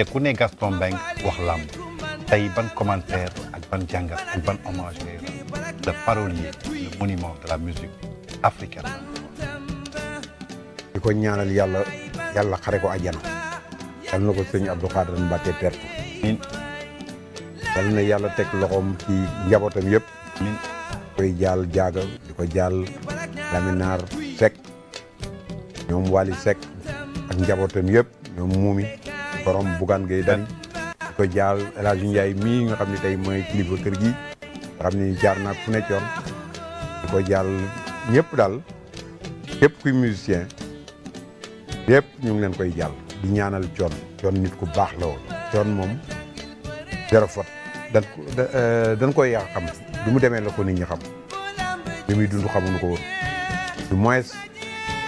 te ku ne Gaston Mbengue wax lamb tay ban commentaire ak ban jàngat ak ban hommage ngay le parolier le monument de la musique africaine. diko ñaanal yalla yalla xare ko àjjana. yal na ko sëñ Abdou Khadir mbatte perte. amiin. yal na yàlla teg loxoom ci njabootam yëpp. amiin koy jall jaaga diko jall Laminar Seck ñoom Wali Seck ak njabotam yeb ñoom Moumi. borom Bougane Gueye Dany di ko jaar El Hadj Ndiaye mii nga xam ne tey mooy kilifa kër gi nga xam ni jaar naa fu nekkoon di ko jaar ñëpp daal képp kuy musicien yëpp ñu ngi leen koy jàll di ñaanal coon coon nit ku baax la woo coon moom zéro faute dan dañ koy yaa xam du mu demee la ko nit ñi xam li muy dund xamuñu ko woon du moins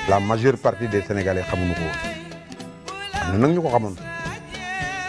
la majeure partie des sénégalais xamuñu ko woon am na nag ñu ko xamoon